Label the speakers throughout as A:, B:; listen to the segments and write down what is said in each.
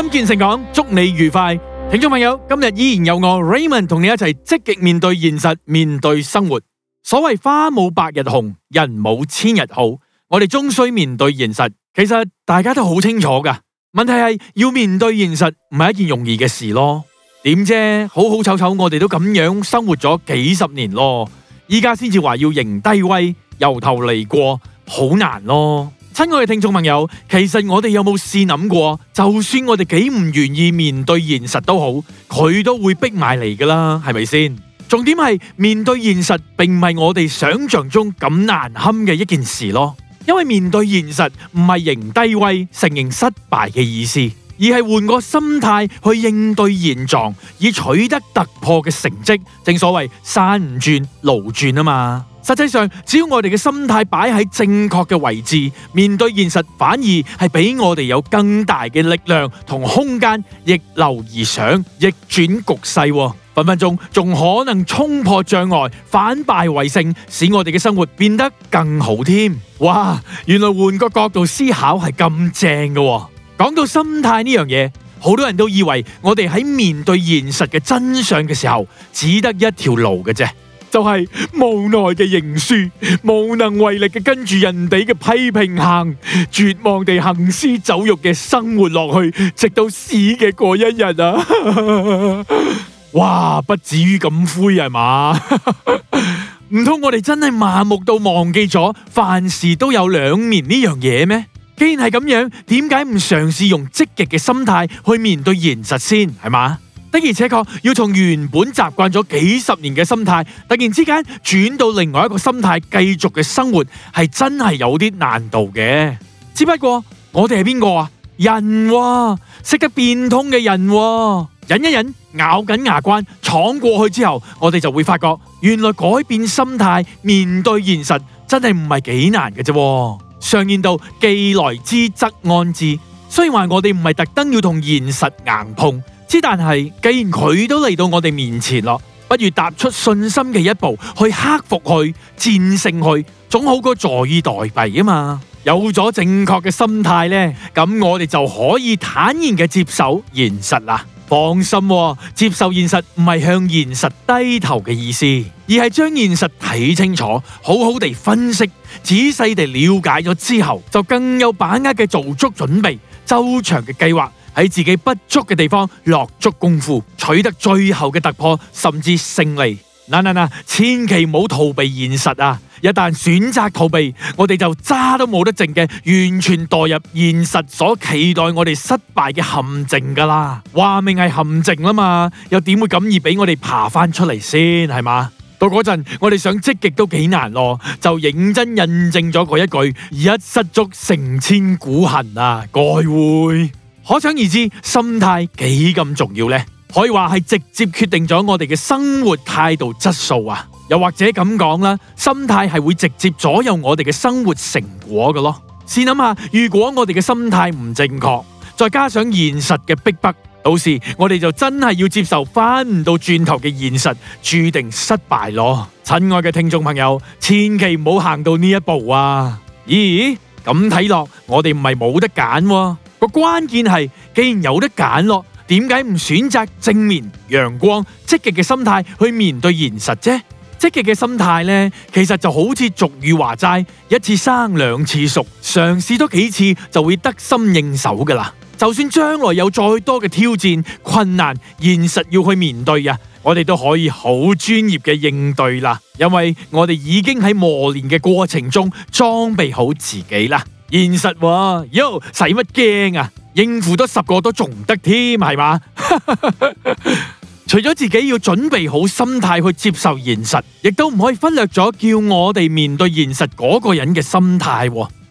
A: 心見誠講，祝你愉快，聽眾朋友，今日依然有我 Raymond 同你一齊積極面對現實，面對生活。所謂花冇百日紅，人冇千日好，我哋終須面對現實。其實大家都好清楚㗎，問題係要面對現實唔係一件容易嘅事咯。點啫？好好丑醜，我哋都咁樣生活咗幾十年咯，依家先至話要迎低威，由頭嚟過，好難咯。親愛嘅聽眾朋友，其實我哋有冇試諗過？就算我哋幾唔願意面對現實都好，佢都會逼埋嚟㗎啦，係咪先？重點係面對現實，並唔係我哋想象中咁難堪嘅一件事咯。因為面對現實唔係認低威，承認失敗嘅意思，而係換個心態去應對現狀，以取得突破嘅成績。正所謂山唔轉，路轉啊嘛。實際上，只要我哋嘅心態擺喺正確嘅位置，面對現實反而係俾我哋有更大嘅力量同空間逆流而上、逆轉局勢，分分鐘仲可能衝破障礙、反敗為勝，使我哋嘅生活變得更好添。哇！原來換個角度思考係咁正嘅。講到心態呢樣嘢，好多人都以為我哋喺面對現實嘅真相嘅時候，只得一條路嘅啫。就係無奈嘅認輸，無能為力嘅跟住人哋嘅批評行，絕望地行屍走肉嘅生活落去，直到死嘅嗰一日啊！ 哇，不至於咁灰係嘛？唔通 我哋真係麻木到忘記咗凡事都有兩面呢樣嘢咩？既然係咁樣，點解唔嘗試用積極嘅心態去面對現實先係嘛？的而且確要從原本習慣咗幾十年嘅心態，突然之間轉到另外一個心態繼續嘅生活，係真係有啲難度嘅。只不過我哋係邊個啊？人啊，識得變通嘅人，啊，忍一忍，咬緊牙關闖過去之後，我哋就會發覺原來改變心態面對現實真係唔係幾難嘅啫。常言道，既來之則安之。雖然話我哋唔係特登要同現實硬碰。之但係，既然佢都嚟到我哋面前咯，不如踏出信心嘅一步，去克服佢，戰勝佢，總好過坐以待斃啊嘛！有咗正確嘅心態咧，咁我哋就可以坦然嘅接受現實啦。放心哦，接受現實唔係向現實低頭嘅意思，而係將現實睇清楚，好好地分析、仔細地了解咗之後，就更有把握嘅做足準備、周詳嘅計劃。喺自己不足嘅地方落足功夫，取得最後嘅突破甚至勝利。嗱嗱嗱，千祈唔好逃避現實啊！一旦選擇逃避，我哋就渣都冇得剩嘅，完全墮入現實所期待我哋失敗嘅陷阱噶啦。話明係陷阱啦嘛，又點會咁易俾我哋爬翻出嚟先係嘛？到嗰陣我哋想積極都幾難咯，就認真印證咗嗰一句：一失足成千古恨啊！再會。可想而知，心態幾咁重要呢？可以話係直接決定咗我哋嘅生活態度質素啊！又或者咁講啦，心態係會直接左右我哋嘅生活成果嘅咯。試諗下，如果我哋嘅心態唔正確，再加上現實嘅逼迫，到時我哋就真係要接受翻唔到轉頭嘅現實，注定失敗咯。親愛嘅聽眾朋友，千祈唔好行到呢一步啊！咦？咁睇落，我哋唔係冇得揀喎。個關鍵係，既然有得揀咯，點解唔選擇正面、陽光、積極嘅心態去面對現實啫？積極嘅心態呢，其實就好似俗語話齋，一次生兩次熟，嘗試多幾次就會得心應手噶啦。就算將來有再多嘅挑戰、困難、現實要去面對啊，我哋都可以好專業嘅應對啦，因為我哋已經喺磨練嘅過程中裝備好自己啦。現實喎，喲，使乜驚啊？應付多十個都仲唔得添，係嘛？ 除咗自己要準備好心態去接受現實，亦都唔可以忽略咗叫我哋面對現實嗰個人嘅心態。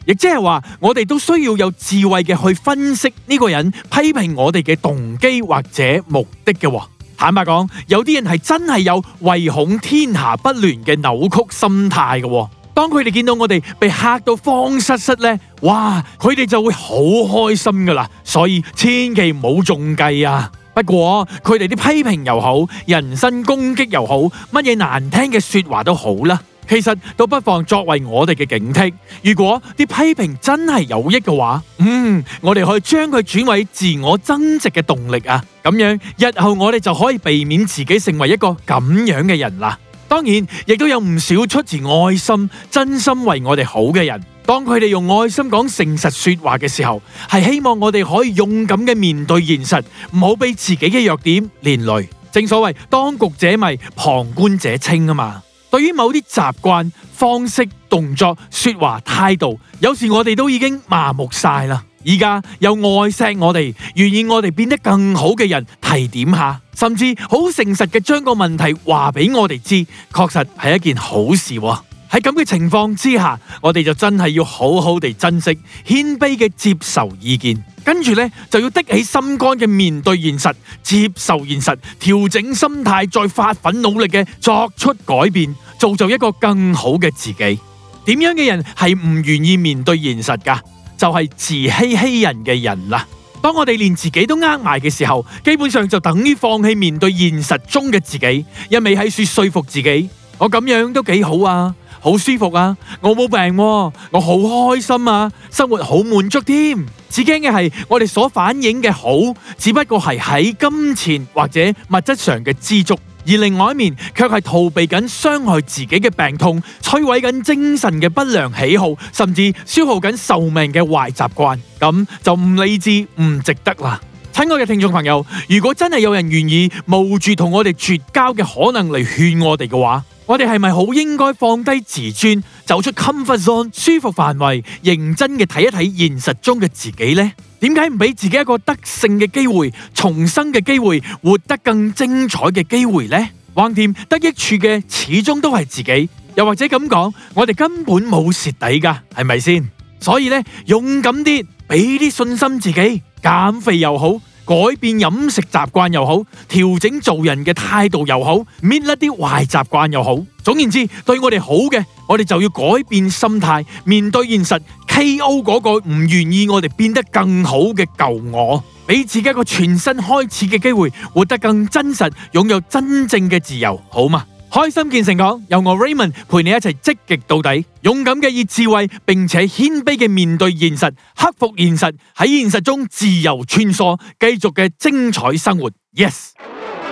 A: 亦即係話，我哋都需要有智慧嘅去分析呢個人批評我哋嘅動機或者目的嘅。坦白講，有啲人係真係有唯恐天下不亂嘅扭曲心態嘅。當佢哋見到我哋被嚇到慌失失咧，哇！佢哋就會好開心噶啦，所以千祈唔好中計啊。不過佢哋啲批評又好，人身攻擊又好，乜嘢難聽嘅說話都好啦，其實都不妨作為我哋嘅警惕。如果啲批評真係有益嘅話，嗯，我哋可以將佢轉為自我增值嘅動力啊。咁樣日後我哋就可以避免自己成為一個咁樣嘅人啦。當然，亦都有唔少出自愛心、真心為我哋好嘅人。當佢哋用愛心講誠實說話嘅時候，係希望我哋可以勇敢嘅面對現實，唔好俾自己嘅弱點連累。正所謂當局者迷，旁觀者清啊嘛。對於某啲習慣、方式、動作、說話、態度，有時我哋都已經麻木晒啦。依家有愛惜我哋、願意我哋變得更好嘅人，提點下。甚至好誠實嘅將個問題話俾我哋知，確實係一件好事喎、哦。喺咁嘅情況之下，我哋就真係要好好地珍惜、謙卑嘅接受意見，跟住呢，就要的起心肝嘅面對現實、接受現實、調整心態，再發奮努力嘅作出改變，造就一個更好嘅自己。點樣嘅人係唔願意面對現實噶？就係自欺欺人嘅人啦。當我哋連自己都呃埋嘅時候，基本上就等於放棄面對現實中嘅自己，一味喺說說服自己，我咁樣都幾好啊，好舒服啊，我冇病，啊，我好開心啊，生活好滿足添，啊。至驚嘅係我哋所反映嘅好，只不過係喺金錢或者物質上嘅知足。而另外一面，卻係逃避緊傷害自己嘅病痛，摧毀緊精神嘅不良喜好，甚至消耗緊壽命嘅壞習慣。咁就唔理智，唔值得啦。親愛嘅聽眾朋友，如果真係有人願意冒住同我哋絕交嘅可能嚟勸我哋嘅話，我哋係咪好應該放低自尊，走出 comfort zone，舒服範圍，認真嘅睇一睇現實中嘅自己呢？點解唔俾自己一個得勝嘅機會、重生嘅機會、活得更精彩嘅機會呢？橫掂得益處嘅始終都係自己，又或者咁講，我哋根本冇蝕底㗎，係咪先？所以呢，勇敢啲，俾啲信心自己，減肥又好。改變飲食習慣又好，調整做人嘅態度又好，搣甩啲壞習慣又好。總言之，對我哋好嘅，我哋就要改變心態，面對現實，K.O. 嗰個唔願意我哋變得更好嘅舊我，俾自己一個全新開始嘅機會，活得更真實，擁有真正嘅自由，好嗎？開心見誠講，由我 Raymond 陪你一齊積極到底，勇敢嘅，以智慧，並且謙卑嘅面對現實，克服現實，喺現實中自由穿梭，繼續嘅精彩生活，yes、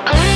A: 啊。